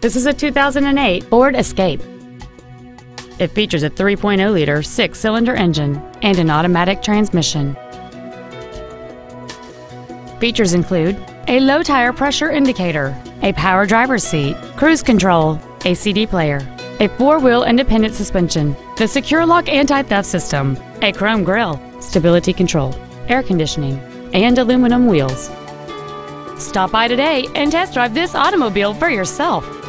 This is a 2008 Ford Escape. It features a 3.0-liter six-cylinder engine and an automatic transmission. Features include a low tire pressure indicator, a power driver's seat, cruise control, a CD player, a four-wheel independent suspension, the secure lock anti-theft system, a chrome grille, stability control, air conditioning, and aluminum wheels. Stop by today and test drive this automobile for yourself.